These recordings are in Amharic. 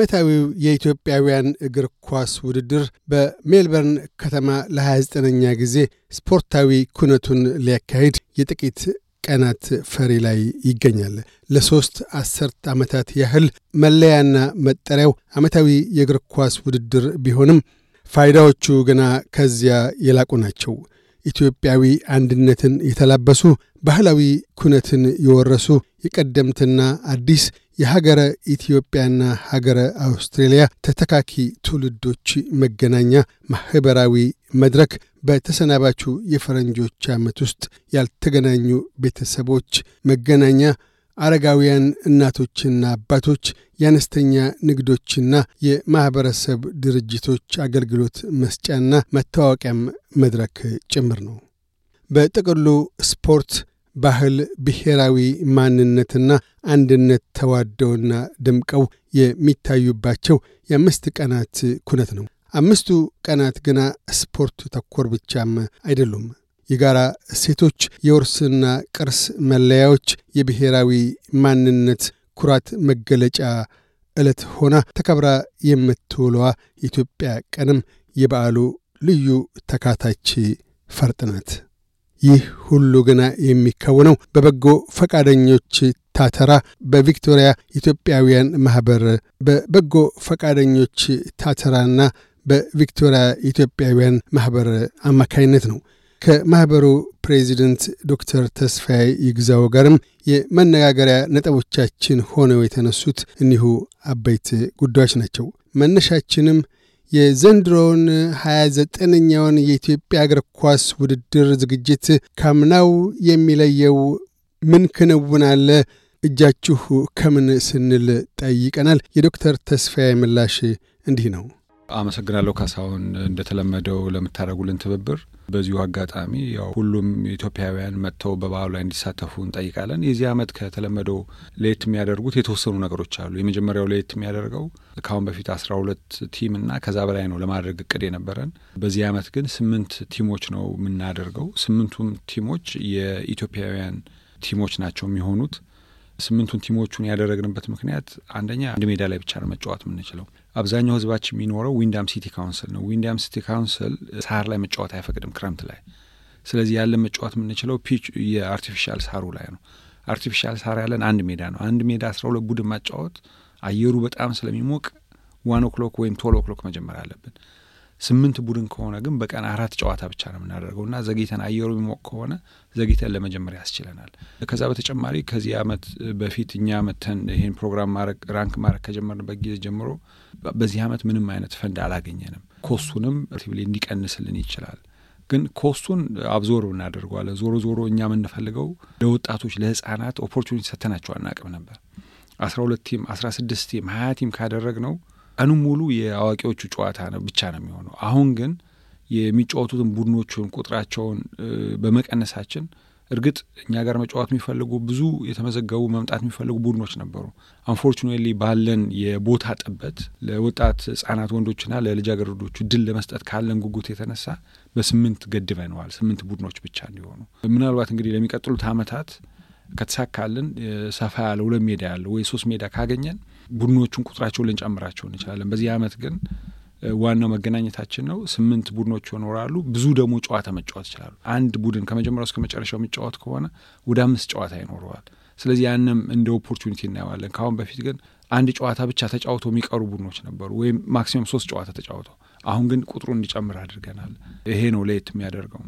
ዓመታዊው የኢትዮጵያውያን እግር ኳስ ውድድር በሜልበርን ከተማ ለ29ኛ ጊዜ ስፖርታዊ ኩነቱን ሊያካሂድ የጥቂት ቀናት ፈሪ ላይ ይገኛል። ለሦስት አስርት ዓመታት ያህል መለያና መጠሪያው ዓመታዊ የእግር ኳስ ውድድር ቢሆንም ፋይዳዎቹ ገና ከዚያ የላቁ ናቸው። ኢትዮጵያዊ አንድነትን የተላበሱ ባህላዊ ኩነትን የወረሱ የቀደምትና አዲስ የሀገረ ኢትዮጵያና ሀገረ አውስትሬልያ ተተካኪ ትውልዶች መገናኛ ማኅበራዊ መድረክ በተሰናባቹ የፈረንጆች ዓመት ውስጥ ያልተገናኙ ቤተሰቦች መገናኛ አረጋውያን እናቶችና አባቶች የአነስተኛ ንግዶችና የማኅበረሰብ ድርጅቶች አገልግሎት መስጫና መታወቂያም መድረክ ጭምር ነው። በጥቅሉ ስፖርት ባህል፣ ብሔራዊ ማንነትና አንድነት ተዋደውና ደምቀው የሚታዩባቸው የአምስት ቀናት ኩነት ነው። አምስቱ ቀናት ግና ስፖርት ተኮር ብቻም አይደሉም። የጋራ እሴቶች፣ የውርስና ቅርስ መለያዎች፣ የብሔራዊ ማንነት ኩራት መገለጫ ዕለት ሆና ተከብራ የምትውለዋ የኢትዮጵያ ቀንም የበዓሉ ልዩ ተካታች ፈርጥ ናት። ይህ ሁሉ ገና የሚከውነው በበጎ ፈቃደኞች ታተራ በቪክቶሪያ ኢትዮጵያውያን ማኅበር በበጎ ፈቃደኞች ታተራና በቪክቶሪያ ኢትዮጵያውያን ማኅበር አማካይነት ነው። ከማኅበሩ ፕሬዚደንት ዶክተር ተስፋዬ ይግዛው ጋርም የመነጋገሪያ ነጥቦቻችን ሆነው የተነሱት እኒሁ አበይት ጉዳዮች ናቸው። መነሻችንም የዘንድሮውን 29ኛውን የኢትዮጵያ እግር ኳስ ውድድር ዝግጅት ካምናው የሚለየው ምን ክንውን አለ? እጃችሁ ከምን ስንል ጠይቀናል። የዶክተር ተስፋዬ ምላሽ እንዲህ ነው። አመሰግናለሁ ካሳሁን፣ እንደተለመደው ለምታደርጉልን ትብብር በዚሁ አጋጣሚ ያው ሁሉም ኢትዮጵያውያን መጥተው በባህሉ ላይ እንዲሳተፉ እንጠይቃለን። የዚህ ዓመት ከተለመደው ለየት የሚያደርጉት የተወሰኑ ነገሮች አሉ። የመጀመሪያው ለየት የሚያደርገው ከአሁን በፊት አስራ ሁለት ቲም እና ከዛ በላይ ነው ለማድረግ እቅድ የነበረን። በዚህ ዓመት ግን ስምንት ቲሞች ነው የምናደርገው። ስምንቱም ቲሞች የኢትዮጵያውያን ቲሞች ናቸው የሚሆኑት። ስምንቱን ቲሞቹን ያደረግንበት ምክንያት አንደኛ አንድ ሜዳ ላይ ብቻ ነው መጫወት የምንችለው አብዛኛው ህዝባችን የሚኖረው ዊንዳም ሲቲ ካውንስል ነው። ዊንዳም ሲቲ ካውንስል ሳር ላይ መጫወት አይፈቅድም ክረምት ላይ። ስለዚህ ያለን መጫወት የምንችለው ፒች የአርቲፊሻል ሳሩ ላይ ነው። አርቲፊሻል ሳር ያለን አንድ ሜዳ ነው። አንድ ሜዳ አስራ ሁለት ቡድን ማጫወት አየሩ በጣም ስለሚሞቅ ዋን ኦክሎክ ወይም ቶል ኦክሎክ መጀመር አለብን። ስምንት ቡድን ከሆነ ግን በቀን አራት ጨዋታ ብቻ ነው የምናደርገው እና ዘግይተን አየሩ የሚሞቅ ከሆነ ዘግይተን ለመጀመር ያስችለናል። ከዛ በተጨማሪ ከዚህ ዓመት በፊት እኛ መተን ይህን ፕሮግራም ማድረግ ራንክ ማድረግ ከጀመርንበት ጊዜ ጀምሮ በዚህ ዓመት ምንም አይነት ፈንድ አላገኘንም። ኮሱንም ቲብሊ እንዲቀንስልን ይችላል ግን ኮስቱን አብዞር እናደርገዋለን። ዞሮ ዞሮ እኛ የምንፈልገው ለወጣቶች ለህጻናት ኦፖርቹኒቲ ሰተናቸው አናቅም ነበር። አስራ ሁለት ቲም አስራ ስድስት ቲም ሀያ ቲም ካደረግ ነው ቀኑ ሙሉ የአዋቂዎቹ ጨዋታ ነው ብቻ ነው የሚሆነው። አሁን ግን የሚጫወቱትን ቡድኖችን ቁጥራቸውን በመቀነሳችን እርግጥ እኛ ጋር መጫወት የሚፈልጉ ብዙ የተመዘገቡ መምጣት የሚፈልጉ ቡድኖች ነበሩ። አንፎርቹኔትሊ ባለን የቦታ ጥበት ለወጣት ህጻናት ወንዶችና ለልጃገረዶቹ ድል ለመስጠት ካለን ጉጉት የተነሳ በስምንት ገድበነዋል። ስምንት ቡድኖች ብቻ እንዲሆኑ ምናልባት እንግዲህ ለሚቀጥሉት አመታት ከተሳካልን ሰፋ ያለ ሁለት ሜዳ ያለው ወይ ሶስት ሜዳ ካገኘን ቡድኖቹን ቁጥራቸው ልንጨምራቸው እንችላለን። በዚህ አመት ግን ዋናው መገናኘታችን ነው። ስምንት ቡድኖች ይኖራሉ። ብዙ ደግሞ ጨዋታ መጫወት ይችላሉ። አንድ ቡድን ከመጀመሪያው እስከ መጨረሻው የሚጫወት ከሆነ ወደ አምስት ጨዋታ ይኖረዋል። ስለዚህ ያንም እንደ ኦፖርቹኒቲ እናየዋለን። ከአሁን በፊት ግን አንድ ጨዋታ ብቻ ተጫውቶ የሚቀሩ ቡድኖች ነበሩ፣ ወይም ማክሲመም ሶስት ጨዋታ ተጫውቶ። አሁን ግን ቁጥሩን እንዲጨምር አድርገናል። ይሄ ነው ለየት የሚያደርገው።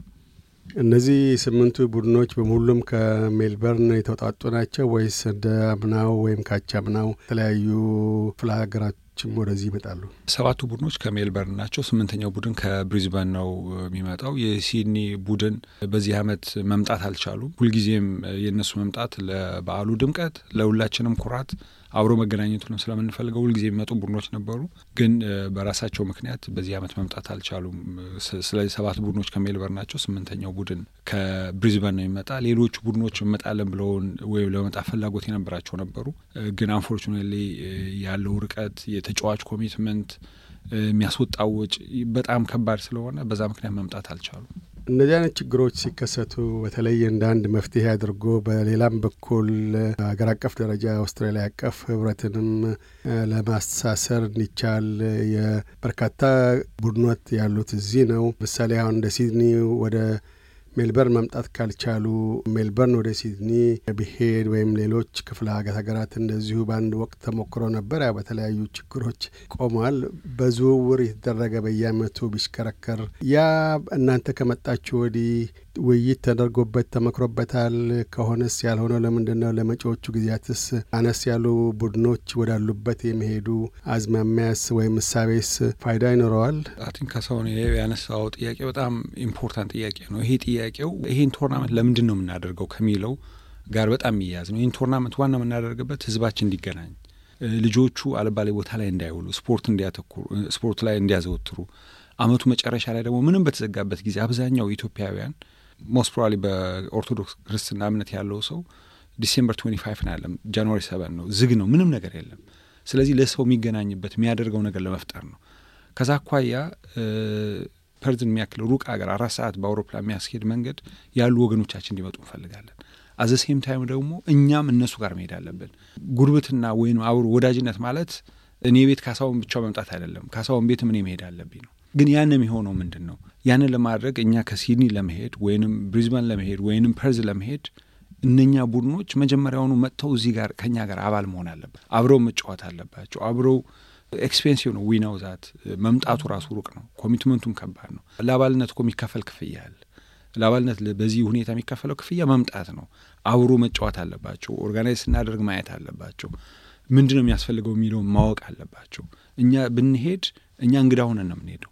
እነዚህ ስምንቱ ቡድኖች በሙሉም ከሜልበርን የተውጣጡ ናቸው ወይስ እንደ አምናው ወይም ካቻምናው የተለያዩ ክፍለ ሀገራችም ወደዚህ ይመጣሉ? ሰባቱ ቡድኖች ከሜልበርን ናቸው። ስምንተኛው ቡድን ከብሪዝበን ነው የሚመጣው። የሲድኒ ቡድን በዚህ ዓመት መምጣት አልቻሉም። ሁልጊዜም የእነሱ መምጣት ለበዓሉ ድምቀት፣ ለሁላችንም ኩራት አብሮ መገናኘቱ ነው ስለምንፈልገው ሁልጊዜ የሚመጡ ቡድኖች ነበሩ፣ ግን በራሳቸው ምክንያት በዚህ ዓመት መምጣት አልቻሉም። ስለዚህ ሰባት ቡድኖች ከሜልበር ናቸው። ስምንተኛው ቡድን ከብሪዝበን ነው የሚመጣ። ሌሎቹ ቡድኖች እንመጣለን ብለውን ወይም ለመምጣት ፍላጎት የነበራቸው ነበሩ፣ ግን አንፎርቹኔትሊ ያለው ርቀት የተጫዋች ኮሚትመንት የሚያስወጣ ወጪ በጣም ከባድ ስለሆነ በዛ ምክንያት መምጣት አልቻሉም። እነዚህ አይነት ችግሮች ሲከሰቱ በተለይ እንደ አንድ መፍትሄ አድርጎ በሌላም በኩል ሀገር አቀፍ ደረጃ አውስትራሊያ አቀፍ ህብረትንም ለማስተሳሰር እንዲቻል የበርካታ ቡድኖት ያሉት እዚህ ነው። ምሳሌ አሁን እንደ ሲድኒ ወደ ሜልበርን መምጣት ካልቻሉ ሜልበርን ወደ ሲድኒ ብሄድ ወይም ሌሎች ክፍለ ሀገራት እንደዚሁ በአንድ ወቅት ተሞክሮ ነበር። ያው በተለያዩ ችግሮች ቆሟል። በዝውውር የተደረገ በየአመቱ ቢሽከረከር ያ እናንተ ከመጣችሁ ወዲህ ውይይት ተደርጎበት ተመክሮበታል? ከሆነስ ያልሆነው ለምንድን ነው? ለመጪዎቹ ጊዜያትስ አነስ ያሉ ቡድኖች ወዳሉበት የመሄዱ አዝማሚያስ ወይም እሳቤስ ፋይዳ ይኖረዋል? አቲን ካሳሁን ያነሳው ጥያቄ በጣም ኢምፖርታንት ጥያቄ ነው። ይሄ ጥያቄው ይህን ቶርናመንት ለምንድን ነው የምናደርገው ከሚለው ጋር በጣም የሚያያዝ ነው። ይህን ቶርናመንት ዋና የምናደርግበት ህዝባችን እንዲገናኝ፣ ልጆቹ አልባሌ ቦታ ላይ እንዳይውሉ፣ ስፖርት እንዲያተኩሩ፣ ስፖርት ላይ እንዲያዘወትሩ አመቱ መጨረሻ ላይ ደግሞ ምንም በተዘጋበት ጊዜ አብዛኛው ኢትዮጵያውያን ሞስት ፕሮባብሊ በኦርቶዶክስ ክርስትና እምነት ያለው ሰው ዲሴምበር 25 ነው ያለም፣ ጃንዋሪ 7 ነው ዝግ ነው፣ ምንም ነገር የለም። ስለዚህ ለሰው የሚገናኝበት የሚያደርገው ነገር ለመፍጠር ነው። ከዛ አኳያ ፐርዝን የሚያክል ሩቅ ሀገር አራት ሰዓት በአውሮፕላን የሚያስሄድ መንገድ ያሉ ወገኖቻችን እንዲመጡ እንፈልጋለን። አዘሴም ታይም ደግሞ እኛም እነሱ ጋር መሄድ አለብን። ጉርብትና ወይም አብሮ ወዳጅነት ማለት እኔ ቤት ካሳውን ብቻው መምጣት አይደለም። ካሳውን ቤትም እኔ መሄድ አለብኝ ነው። ግን ያን የሚሆነው ምንድን ነው? ያንን ለማድረግ እኛ ከሲድኒ ለመሄድ ወይንም ብሪዝበን ለመሄድ ወይንም ፐርዝ ለመሄድ እነኛ ቡድኖች መጀመሪያውኑ መጥተው እዚህ ጋር ከእኛ ጋር አባል መሆን አለበት። አብረው መጫወት አለባቸው። አብረው ኤክስፔንሲቭ ነው። ዊነው ዛት መምጣቱ ራሱ ሩቅ ነው። ኮሚትመንቱም ከባድ ነው። ለአባልነት እኮ የሚከፈል ክፍያ አለ። ለአባልነት በዚህ ሁኔታ የሚከፈለው ክፍያ መምጣት ነው። አብሮ መጫወት አለባቸው። ኦርጋናይዝ ስናደርግ ማየት አለባቸው። ምንድን ነው የሚያስፈልገው የሚለውን ማወቅ አለባቸው። እኛ ብንሄድ እኛ እንግዳ ሆነን ነው የምንሄደው።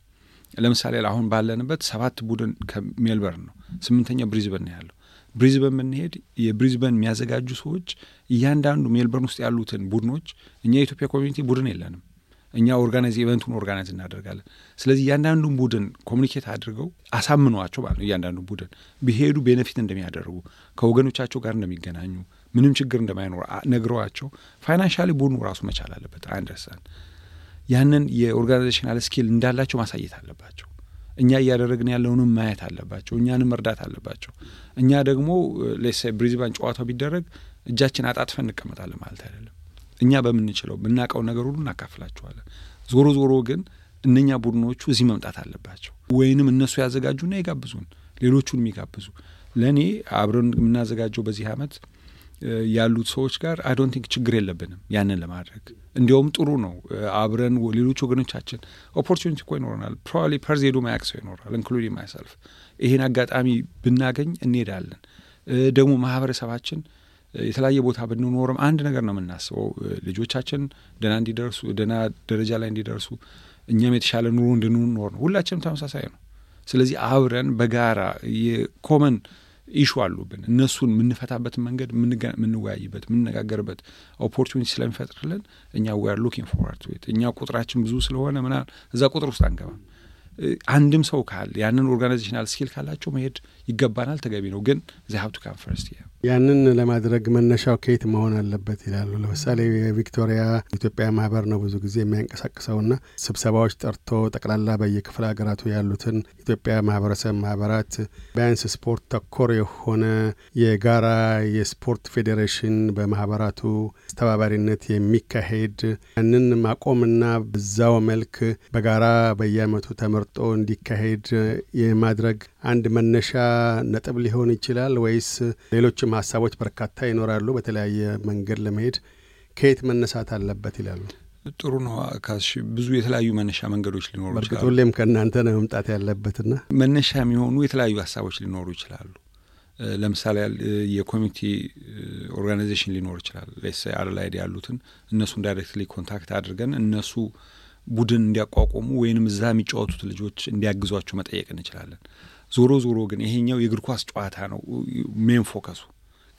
ለምሳሌ አሁን ባለንበት ሰባት ቡድን ከሜልበርን ነው፣ ስምንተኛ ብሪዝበን ነው ያለው። ብሪዝበን ብንሄድ የብሪዝበን የሚያዘጋጁ ሰዎች እያንዳንዱ ሜልበርን ውስጥ ያሉትን ቡድኖች እኛ የኢትዮጵያ ኮሚኒቲ ቡድን የለንም እኛ ኦርጋናይዝ ኢቨንቱን ኦርጋናይዝ እናደርጋለን። ስለዚህ እያንዳንዱን ቡድን ኮሚኒኬት አድርገው አሳምኗቸው ማለት ነው። እያንዳንዱ ቡድን ቢሄዱ ቤነፊት እንደሚያደርጉ ከወገኖቻቸው ጋር እንደሚገናኙ ምንም ችግር እንደማይኖር ነግረዋቸው ፋይናንሻሊ ቡድኑ ራሱ መቻል አለበት። አንደርስታንድ ያንን የኦርጋናይዜሽናል ስኪል እንዳላቸው ማሳየት አለባቸው። እኛ እያደረግን ያለውንም ማየት አለባቸው። እኛንም መርዳት አለባቸው። እኛ ደግሞ ሌሴ ብሪዝባን ጨዋታው ቢደረግ እጃችን አጣጥፈን እንቀመጣለን ማለት አይደለም። እኛ በምንችለው ብናቀው ነገር ሁሉ እናካፍላችኋለን። ዞሮ ዞሮ ግን እነኛ ቡድኖቹ እዚህ መምጣት አለባቸው፣ ወይንም እነሱ ያዘጋጁና ይጋብዙን፣ ሌሎቹን የሚጋብዙ ለእኔ አብረን የምናዘጋጀው በዚህ አመት ያሉት ሰዎች ጋር አይዶንት ቲንክ ችግር የለብንም ያንን ለማድረግ እንዲያውም ጥሩ ነው። አብረን ሌሎች ወገኖቻችን ኦፖርቹኒቲ እኮ ይኖረናል። ፕሮባብሊ ፐርዝ ሄዶ ማያቅ ሰው ይኖራል እንክሉድ ማይሰልፍ። ይሄን አጋጣሚ ብናገኝ እንሄዳለን። ደግሞ ማህበረሰባችን የተለያየ ቦታ ብንኖርም አንድ ነገር ነው የምናስበው፣ ልጆቻችን ደህና እንዲደርሱ ደህና ደረጃ ላይ እንዲደርሱ እኛም የተሻለ ኑሮ እንድንኖር ነው። ሁላችንም ተመሳሳይ ነው። ስለዚህ አብረን በጋራ የኮመን ኢሹ አሉብን እነሱን የምንፈታበትን መንገድ የምንወያይበት፣ የምንነጋገርበት ኦፖርቹኒቲ ስለሚፈጥርልን እኛ ዌር ሉኪንግ ፎርዋርድ ቱ ኢት እኛ ቁጥራችን ብዙ ስለሆነ ምና እዛ ቁጥር ውስጥ አንገባም። አንድም ሰው ካል ያንን ኦርጋናይዜሽናል ስኪል ካላቸው መሄድ ይገባናል፣ ተገቢ ነው። ግን ዚ ሀብ ቱ ካም ፈርስት ያንን ለማድረግ መነሻው ከየት መሆን አለበት ይላሉ። ለምሳሌ የቪክቶሪያ ኢትዮጵያ ማህበር ነው ብዙ ጊዜ የሚያንቀሳቅሰውና ስብሰባዎች ጠርቶ ጠቅላላ በየክፍለ ሀገራቱ ያሉትን ኢትዮጵያ ማህበረሰብ ማህበራት ቢያንስ ስፖርት ተኮር የሆነ የጋራ የስፖርት ፌዴሬሽን በማህበራቱ አስተባባሪነት የሚካሄድ ያንን ማቆምና በዛው መልክ በጋራ በየአመቱ ተመርጦ እንዲካሄድ የማድረግ አንድ መነሻ ነጥብ ሊሆን ይችላል ወይስ ሌሎች ሀሳቦች በርካታ ይኖራሉ። በተለያየ መንገድ ለመሄድ ከየት መነሳት አለበት ይላሉ። ጥሩ ነው አካሽ ብዙ የተለያዩ መነሻ መንገዶች ሊኖሩ ይችላሉ። ሁሌም ከእናንተ ነው መምጣት ያለበትና መነሻ የሚሆኑ የተለያዩ ሀሳቦች ሊኖሩ ይችላሉ። ለምሳሌ የኮሚኒቲ ኦርጋናይዜሽን ሊኖር ይችላል። ሌስ አደላይድ ያሉትን እነሱን ዳይሬክትሊ ኮንታክት አድርገን እነሱ ቡድን እንዲያቋቁሙ ወይንም እዛ የሚጫወቱት ልጆች እንዲያግዟቸው መጠየቅ እንችላለን። ዞሮ ዞሮ ግን ይሄኛው የእግር ኳስ ጨዋታ ነው ሜን ፎከሱ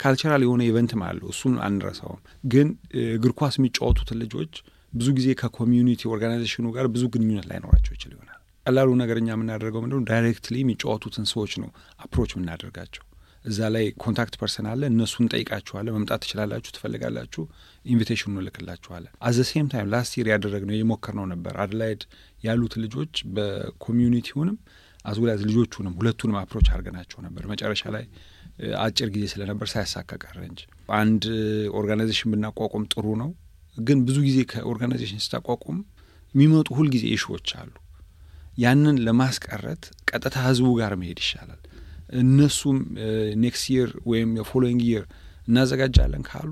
ካልቸራል የሆነ ኢቨንትም አለው። እሱን አንረሳውም። ግን እግር ኳስ የሚጫወቱትን ልጆች ብዙ ጊዜ ከኮሚዩኒቲ ኦርጋናይዜሽኑ ጋር ብዙ ግንኙነት ላይኖራቸው ይችል ይሆናል። ቀላሉ ነገር እኛ የምናደርገው ምንድነው ዳይሬክትሊ የሚጫወቱትን ሰዎች ነው አፕሮች የምናደርጋቸው እዛ ላይ ኮንታክት ፐርሰን አለ። እነሱን እንጠይቃችኋለን። መምጣት ትችላላችሁ፣ ትፈልጋላችሁ፣ ኢንቪቴሽኑ እንልክላችኋለን። አዘ ሴም ታይም ላስት ይር ያደረግነው የሞከርነው ነበር። አድላይድ ያሉት ልጆች በኮሚዩኒቲውንም አዝጉላዝ ልጆቹንም ሁለቱንም አፕሮች አድርገናቸው ነበር። መጨረሻ ላይ uh, አጭር ጊዜ ስለነበር ሳያሳካ ቀረ እንጂ አንድ ኦርጋናይዜሽን uh, ብናቋቁም ጥሩ ነው። ግን ብዙ ጊዜ ከኦርጋናይዜሽን ስታቋቁም የሚመጡ ሁልጊዜ ኢሹዎች አሉ። ያንን ለማስቀረት ቀጥታ ህዝቡ ጋር መሄድ ይሻላል። እነሱም ኔክስት ይር ወይም የፎሎዊንግ ይር እናዘጋጃለን ካሉ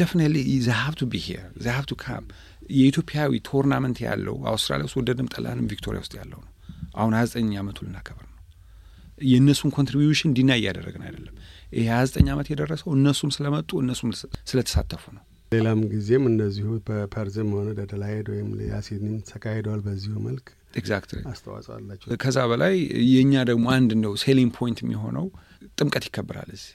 ደፍኔትሊ ዘሀብቱ ብሄር ዘሀብቱ ካም። የኢትዮጵያዊ ቶርናመንት ያለው አውስትራሊያ ውስጥ ወደድም ጠላንም ቪክቶሪያ ውስጥ ያለው ነው። አሁን ሀያ ዘጠኝ ዓመቱ ልናከብር ነው። የእነሱን ኮንትሪቢዩሽን ዲና እያደረግን አይደለም። ይህ ሀያ ዘጠኝ ዓመት የደረሰው እነሱም ስለመጡ እነሱም ስለተሳተፉ ነው። ሌላም ጊዜም እንደዚሁ በፐርዝም ሆነ ደደላሄድ ወይም ሌላ ሲድኒም ተካሂደዋል በዚሁ መልክ ኤግዛክት አስተዋጽኦ አላቸው። ከዛ በላይ የእኛ ደግሞ አንድ እንደው ሴሊንግ ፖይንት የሚሆነው ጥምቀት ይከበራል እዚህ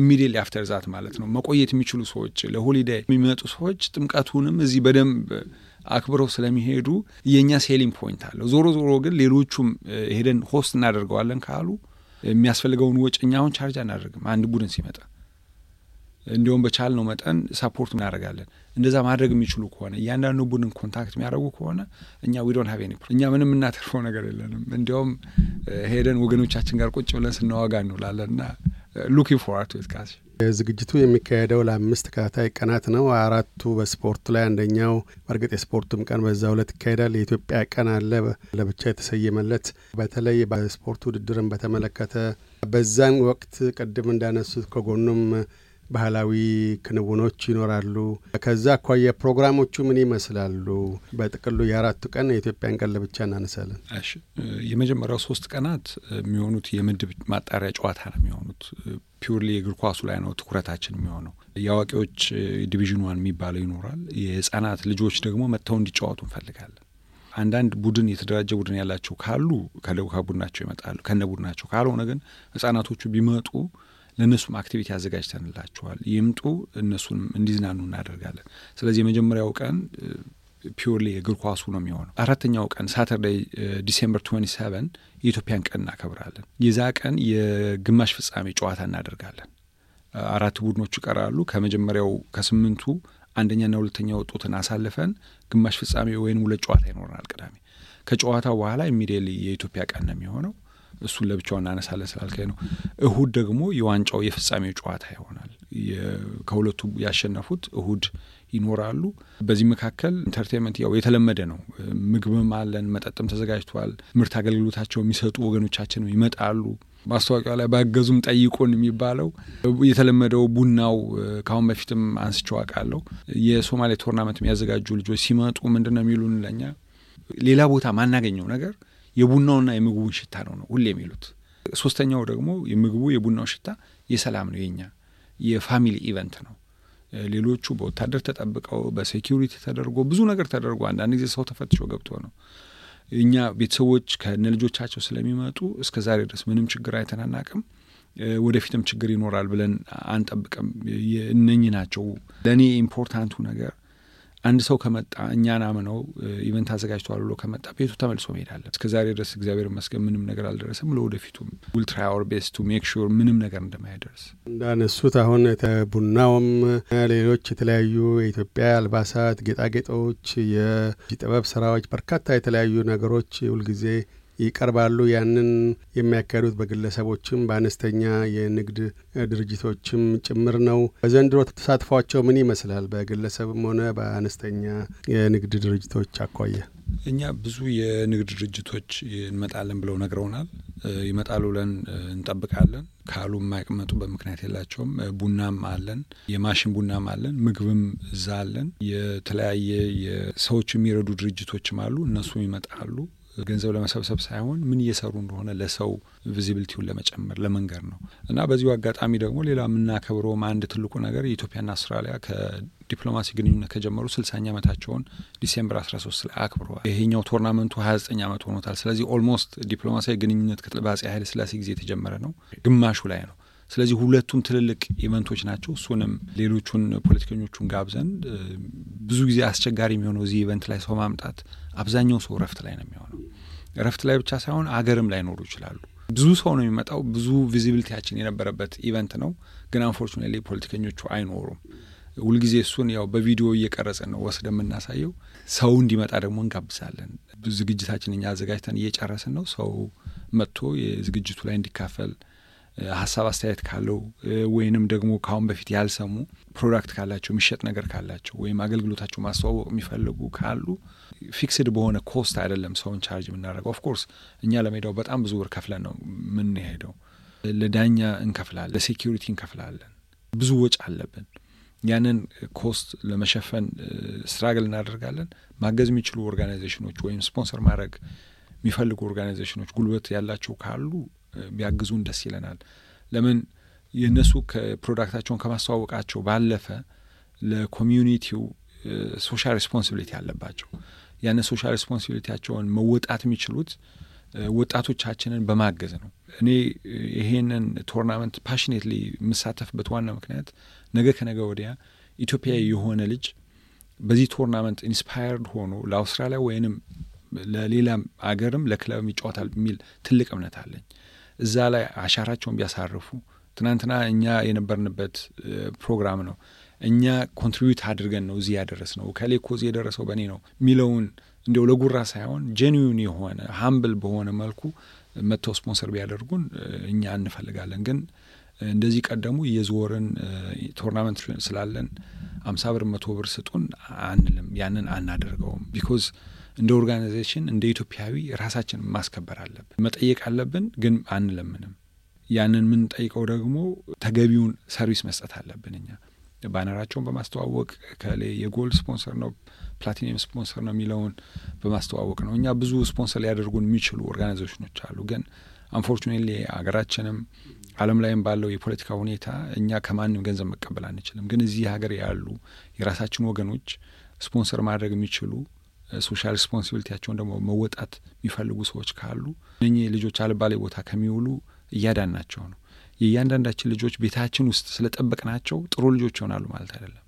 ኢሚዲየትሊ አፍተር ዛት ማለት ነው። መቆየት የሚችሉ ሰዎች ለሆሊዳይ የሚመጡ ሰዎች ጥምቀቱንም እዚህ በደንብ አክብረው ስለሚሄዱ የእኛ ሴሊንግ ፖይንት አለው። ዞሮ ዞሮ ግን ሌሎቹም ሄደን ሆስት እናደርገዋለን ካሉ የሚያስፈልገውን ወጪ እኛ አሁን ቻርጅ አናደርግም። አንድ ቡድን ሲመጣ እንዲሁም በቻልነው መጠን ሰፖርት እናደርጋለን። እንደዛ ማድረግ የሚችሉ ከሆነ እያንዳንዱ ቡድን ኮንታክት የሚያደርጉ ከሆነ እኛ ዊዶን ዶንት ሀቭ እኛ ምንም እናተርፈው ነገር የለንም። እንዲሁም ሄደን ወገኖቻችን ጋር ቁጭ ብለን ስናዋጋ እንውላለን እና ሉኪንግ ፎርዋርድ ቱ ኢት ዝግጅቱ የሚካሄደው ለአምስት ተከታታይ ቀናት ነው። አራቱ በስፖርቱ ላይ አንደኛው በእርግጥ የስፖርቱም ቀን በዛ ሁለት ይካሄዳል። የኢትዮጵያ ቀን አለ ለብቻ የተሰየመለት። በተለይ በስፖርቱ ውድድርን በተመለከተ በዛን ወቅት ቅድም እንዳነሱት ከጎኑም ባህላዊ ክንውኖች ይኖራሉ። ከዛ አኳያ ፕሮግራሞቹ ምን ይመስላሉ? በጥቅሉ የአራቱ ቀን የኢትዮጵያን ቀን ለብቻ እናነሳለን። እሺ፣ የመጀመሪያው ሶስት ቀናት የሚሆኑት የምድብ ማጣሪያ ጨዋታ ነው የሚሆኑት። ፒውርሊ የእግር ኳሱ ላይ ነው ትኩረታችን የሚሆነው። የአዋቂዎች ዲቪዥን ዋን የሚባለው ይኖራል። የህጻናት ልጆች ደግሞ መጥተው እንዲጫወቱ እንፈልጋለን። አንዳንድ ቡድን የተደራጀ ቡድን ያላቸው ካሉ ከደቡካ ይመጣሉ ከነ ቡድናቸው ካልሆነ ግን ህጻናቶቹ ቢመጡ ለእነሱም አክቲቪቲ አዘጋጅተንላቸዋል። ይምጡ፣ እነሱንም እንዲዝናኑ እናደርጋለን። ስለዚህ የመጀመሪያው ቀን ፒውርሊ እግር ኳሱ ነው የሚሆነው። አራተኛው ቀን ሳተርዳይ ዲሴምበር 27 የኢትዮጵያን ቀን እናከብራለን። የዛ ቀን የግማሽ ፍጻሜ ጨዋታ እናደርጋለን። አራት ቡድኖች ይቀራሉ። ከመጀመሪያው ከስምንቱ አንደኛና ሁለተኛ ወጡትን አሳልፈን ግማሽ ፍጻሜ ወይም ሁለት ጨዋታ ይኖረናል ቅዳሜ። ከጨዋታው በኋላ ኢሚዲየትሊ የኢትዮጵያ ቀን ነው የሚሆነው። እሱን ለብቻው እናነሳለን ስላልከኝ ነው። እሁድ ደግሞ የዋንጫው የፍጻሜው ጨዋታ ይሆናል። ከሁለቱ ያሸነፉት እሁድ ይኖራሉ። በዚህ መካከል ኢንተርቴንመንት ያው የተለመደ ነው። ምግብም አለን፣ መጠጥም ተዘጋጅቷል። ምርት አገልግሎታቸው የሚሰጡ ወገኖቻችንም ይመጣሉ። ማስታወቂያ ላይ ባገዙም ጠይቁን የሚባለው የተለመደው ቡናው ከአሁን በፊትም አንስቼው አውቃለሁ። የሶማሌ ቶርናመንት የሚያዘጋጁ ልጆች ሲመጡ ምንድን ነው የሚሉን ለኛ ሌላ ቦታ ማናገኘው ነገር የቡናውና የምግቡን ሽታ ነው ነው ሁሌ የሚሉት። ሶስተኛው ደግሞ የምግቡ የቡናው ሽታ የሰላም ነው፣ የኛ የፋሚሊ ኢቨንት ነው። ሌሎቹ በወታደር ተጠብቀው በሴኪሪቲ ተደርጎ ብዙ ነገር ተደርጎ አንዳንድ ጊዜ ሰው ተፈትሾ ገብቶ ነው። እኛ ቤተሰቦች ከነ ልጆቻቸው ስለሚመጡ እስከ ዛሬ ድረስ ምንም ችግር አይተን አናቅም። ወደፊትም ችግር ይኖራል ብለን አንጠብቅም። እነኚህ ናቸው ለእኔ ኢምፖርታንቱ ነገር አንድ ሰው ከመጣ እኛን አምነው ኢቨንት አዘጋጅተዋል ብሎ ከመጣ ቤቱ ተመልሶ መሄዳለን። እስከ እስከዛሬ ድረስ እግዚአብሔር ይመስገን ምንም ነገር አልደረሰም። ለወደፊቱም ዊል ትራይ ቤስ ቱ ሜክ ሹር ምንም ነገር እንደማያደርስ እንዳነሱት አሁን ቡናውም ሌሎች የተለያዩ የኢትዮጵያ አልባሳት፣ ጌጣጌጦች፣ የጥበብ ስራዎች፣ በርካታ የተለያዩ ነገሮች ሁልጊዜ ይቀርባሉ። ያንን የሚያካሄዱት በግለሰቦችም በአነስተኛ የንግድ ድርጅቶችም ጭምር ነው። በዘንድሮ ተሳትፏቸው ምን ይመስላል? በግለሰብም ሆነ በአነስተኛ የንግድ ድርጅቶች አኳያ እኛ ብዙ የንግድ ድርጅቶች እንመጣለን ብለው ነግረውናል። ይመጣሉ ብለን እንጠብቃለን። ካሉ የማይቀመጡበት ምክንያት የላቸውም። ቡናም አለን፣ የማሽን ቡናም አለን፣ ምግብም እዛ አለን። የተለያየ ሰዎች የሚረዱ ድርጅቶችም አሉ። እነሱም ይመጣሉ። ገንዘብ ለመሰብሰብ ሳይሆን ምን እየሰሩ እንደሆነ ለሰው ቪዚቢሊቲውን ለመጨመር ለመንገር ነው እና በዚሁ አጋጣሚ ደግሞ ሌላ የምናከብረውም አንድ ትልቁ ነገር የኢትዮጵያና አውስትራሊያ ከዲፕሎማሲ ግንኙነት ከጀመሩ ስልሳኛ ዓመታቸውን ዲሴምበር 13 ላይ አክብረዋል። ይሄኛው ቶርናመንቱ 29 ዓመት ሆኖታል። ስለዚህ ኦልሞስት ዲፕሎማሲያዊ ግንኙነት በአፄ ኃይለ ስላሴ ጊዜ የተጀመረ ነው፣ ግማሹ ላይ ነው። ስለዚህ ሁለቱም ትልልቅ ኢቨንቶች ናቸው። እሱንም ሌሎቹን ፖለቲከኞቹን ጋብዘን ብዙ ጊዜ አስቸጋሪ የሚሆነው እዚህ ኢቨንት ላይ ሰው ማምጣት አብዛኛው ሰው እረፍት ላይ ነው የሚሆነው። እረፍት ላይ ብቻ ሳይሆን አገርም ላይኖሩ ይችላሉ። ብዙ ሰው ነው የሚመጣው። ብዙ ቪዚቢሊቲያችን የነበረበት ኢቨንት ነው፣ ግን አንፎርቹኔትሊ ፖለቲከኞቹ አይኖሩም። ሁልጊዜ እሱን ያው በቪዲዮ እየቀረጽን ነው ወስደ የምናሳየው። ሰው እንዲመጣ ደግሞ እንጋብዛለን። ዝግጅታችን እኛ አዘጋጅተን እየጨረስን ነው። ሰው መጥቶ የዝግጅቱ ላይ እንዲካፈል ሀሳብ አስተያየት ካለው ወይንም ደግሞ ካሁን በፊት ያልሰሙ ፕሮዳክት ካላቸው የሚሸጥ ነገር ካላቸው ወይም አገልግሎታቸው ማስተዋወቅ የሚፈልጉ ካሉ ፊክስድ በሆነ ኮስት አይደለም ሰውን ቻርጅ የምናደርገው። ኦፍኮርስ እኛ ለሜዳው በጣም ብዙ ብር ከፍለን ነው የምንሄደው። ለዳኛ እንከፍላለን፣ ለሴኪሪቲ እንከፍላለን፣ ብዙ ወጪ አለብን። ያንን ኮስት ለመሸፈን ስትራግል እናደርጋለን። ማገዝ የሚችሉ ኦርጋናይዜሽኖች ወይም ስፖንሰር ማድረግ የሚፈልጉ ኦርጋናይዜሽኖች ጉልበት ያላቸው ካሉ ቢያግዙን ደስ ይለናል። ለምን የእነሱ ፕሮዳክታቸውን ከማስተዋወቃቸው ባለፈ ለኮሚዩኒቲው ሶሻል ሬስፖንሲቢሊቲ አለባቸው። ያን ሶሻል ሬስፖንሲቢሊቲያቸውን መወጣት የሚችሉት ወጣቶቻችንን በማገዝ ነው። እኔ ይሄንን ቶርናመንት ፓሽኔትሊ የምሳተፍበት ዋና ምክንያት ነገ ከነገ ወዲያ ኢትዮጵያዊ የሆነ ልጅ በዚህ ቶርናመንት ኢንስፓየርድ ሆኖ ለአውስትራሊያ ወይንም ለሌላም አገርም ለክለብም ይጫወታል የሚል ትልቅ እምነት አለኝ። እዛ ላይ አሻራቸውን ቢያሳርፉ ትናንትና እኛ የነበርንበት ፕሮግራም ነው። እኛ ኮንትሪቢዩት አድርገን ነው እዚህ ያደረስ ነው ከሌኮ እዚህ የደረሰው በእኔ ነው የሚለውን እንዲው ለጉራ ሳይሆን ጄኒዩን የሆነ ሀምብል በሆነ መልኩ መጥተው ስፖንሰር ቢያደርጉን እኛ እንፈልጋለን። ግን እንደዚህ ቀደሙ የዝወርን ቶርናመንት ስላለን አምሳ ብር መቶ ብር ስጡን አንልም። ያንን አናደርገውም ቢኮዝ እንደ ኦርጋናይዜሽን እንደ ኢትዮጵያዊ ራሳችን ማስከበር አለብን፣ መጠየቅ አለብን። ግን አንለምንም። ያንን የምንጠይቀው ደግሞ ተገቢውን ሰርቪስ መስጠት አለብን። እኛ ባነራቸውን በማስተዋወቅ ከሌ የጎልድ ስፖንሰር ነው ፕላቲኒየም ስፖንሰር ነው የሚለውን በማስተዋወቅ ነው። እኛ ብዙ ስፖንሰር ሊያደርጉን የሚችሉ ኦርጋናይዜሽኖች አሉ። ግን አንፎርቹኔትሊ አገራችንም ዓለም ላይም ባለው የፖለቲካ ሁኔታ እኛ ከማንም ገንዘብ መቀበል አንችልም። ግን እዚህ ሀገር ያሉ የራሳችን ወገኖች ስፖንሰር ማድረግ የሚችሉ ሶሻል ሪስፖንሲቢሊቲያቸውን ደግሞ መወጣት የሚፈልጉ ሰዎች ካሉ እ ልጆች አልባሌ ቦታ ከሚውሉ እያዳናቸው ነው። የእያንዳንዳችን ልጆች ቤታችን ውስጥ ስለጠበቅናቸው ጥሩ ልጆች ይሆናሉ ማለት አይደለም።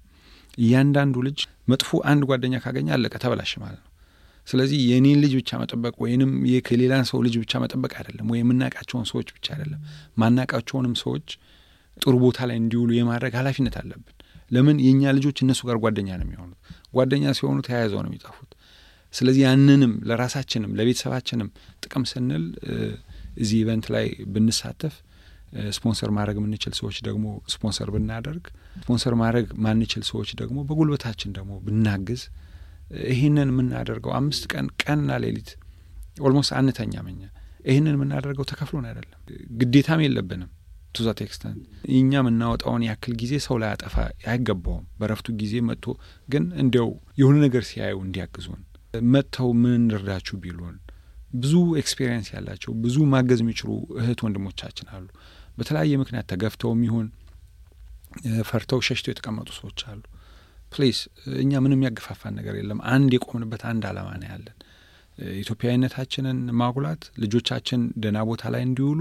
እያንዳንዱ ልጅ መጥፎ አንድ ጓደኛ ካገኘ አለቀ፣ ተበላሽ ማለት ነው። ስለዚህ የእኔን ልጅ ብቻ መጠበቅ ወይንም የሌላን ሰው ልጅ ብቻ መጠበቅ አይደለም፣ ወይ የምናውቃቸውን ሰዎች ብቻ አይደለም። ማናውቃቸውንም ሰዎች ጥሩ ቦታ ላይ እንዲውሉ የማድረግ ኃላፊነት አለብን። ለምን የእኛ ልጆች እነሱ ጋር ጓደኛ ነው የሚሆኑት። ጓደኛ ሲሆኑ ተያይዘው ነው የሚጠፉት። ስለዚህ ያንንም ለራሳችንም ለቤተሰባችንም ጥቅም ስንል እዚህ ኢቨንት ላይ ብንሳተፍ ስፖንሰር ማድረግ የምንችል ሰዎች ደግሞ ስፖንሰር ብናደርግ፣ ስፖንሰር ማድረግ ማንችል ሰዎች ደግሞ በጉልበታችን ደግሞ ብናግዝ፣ ይህንን የምናደርገው አምስት ቀን ቀንና ሌሊት ኦልሞስት አንተኛም መኛ ይህንን የምናደርገው ተከፍሎን አይደለም፣ ግዴታም የለብንም። ቱዛ ቴክስተን እኛ የምናወጣውን ያክል ጊዜ ሰው ላይ አጠፋ አይገባውም። በረፍቱ ጊዜ መጥቶ ግን እንዲያው የሆነ ነገር ሲያዩ እንዲያግዙን መጥተው ምን እንርዳችሁ ቢሉን ብዙ ኤክስፔሪንስ ያላቸው ብዙ ማገዝ የሚችሉ እህት ወንድሞቻችን አሉ። በተለያየ ምክንያት ተገፍተውም ይሁን ፈርተው ሸሽተው የተቀመጡ ሰዎች አሉ። ፕሊስ እኛ ምንም ያገፋፋን ነገር የለም። አንድ የቆምንበት አንድ ዓላማ ነው ያለን ኢትዮጵያዊነታችንን ማጉላት፣ ልጆቻችን ደህና ቦታ ላይ እንዲውሉ፣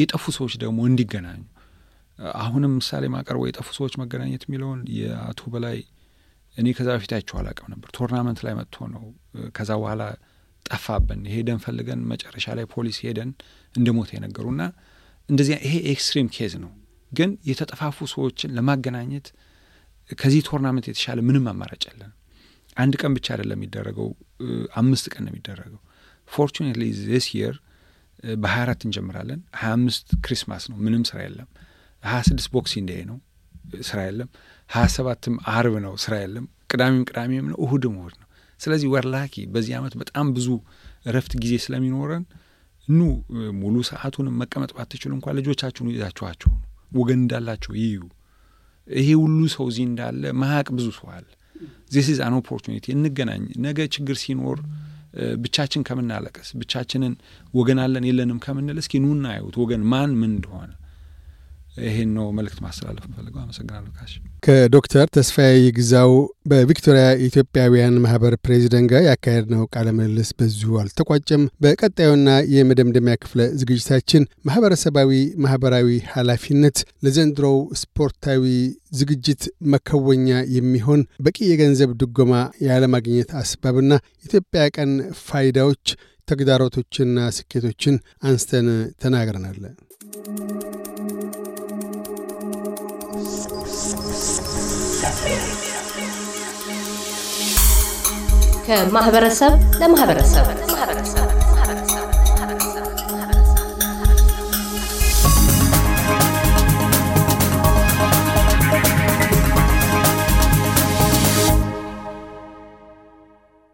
የጠፉ ሰዎች ደግሞ እንዲገናኙ። አሁንም ምሳሌ ማቀርበው የጠፉ ሰዎች መገናኘት የሚለውን የአቶ በላይ እኔ ከዛ በፊት አይቼው አላውቅም ነበር። ቶርናመንት ላይ መጥቶ ነው። ከዛ በኋላ ጠፋብን። ሄደን ፈልገን መጨረሻ ላይ ፖሊስ ሄደን እንደ ሞተ የነገሩና እንደዚያ። ይሄ ኤክስትሪም ኬዝ ነው፣ ግን የተጠፋፉ ሰዎችን ለማገናኘት ከዚህ ቶርናመንት የተሻለ ምንም አማራጭ የለን። አንድ ቀን ብቻ አይደለም የሚደረገው፣ አምስት ቀን ነው የሚደረገው። ፎርቹኔትሊ ዚስ የር በሀያ አራት እንጀምራለን። ሀያ አምስት ክሪስማስ ነው፣ ምንም ስራ የለም። ሀያ ስድስት ቦክሲንግ ዴይ ነው። ስራ የለም። ሀያ ሰባትም አርብ ነው ስራ የለም። ቅዳሜም ቅዳሜም ነው፣ እሁድም እሁድ ነው። ስለዚህ ወርላኪ በዚህ ዓመት በጣም ብዙ እረፍት ጊዜ ስለሚኖረን ኑ ሙሉ ሰዓቱንም መቀመጥ ባትችሉ እንኳ ልጆቻችሁን ይዛችኋቸው ወገን እንዳላቸው ይዩ። ይሄ ሁሉ ሰው እዚህ እንዳለ መሀቅ ብዙ ሰው አለ። ዚስ ኢዝ አን ኦፖርቹኒቲ። እንገናኝ። ነገ ችግር ሲኖር ብቻችን ከምናለቀስ ብቻችንን ወገን አለን የለንም ከምንል እስኪ ኑና ያዩት ወገን ማን ምን እንደሆነ ይህን ነው መልእክት ማስተላለፍ ፈልገው። አመሰግናለሁ። ካሽ ከዶክተር ተስፋዬ ግዛው በቪክቶሪያ ኢትዮጵያውያን ማህበር ፕሬዚደንት ጋር ያካሄድነው ቃለ ምልልስ በዚሁ አልተቋጨም። በቀጣዩና የመደምደሚያ ክፍለ ዝግጅታችን ማህበረሰባዊ ማህበራዊ ኃላፊነት ለዘንድሮው ስፖርታዊ ዝግጅት መከወኛ የሚሆን በቂ የገንዘብ ድጎማ ያለማግኘት አስባብና ኢትዮጵያ ቀን ፋይዳዎች፣ ተግዳሮቶችና ስኬቶችን አንስተን ተናግረናለን። ከማህበረሰብ ለማህበረሰብ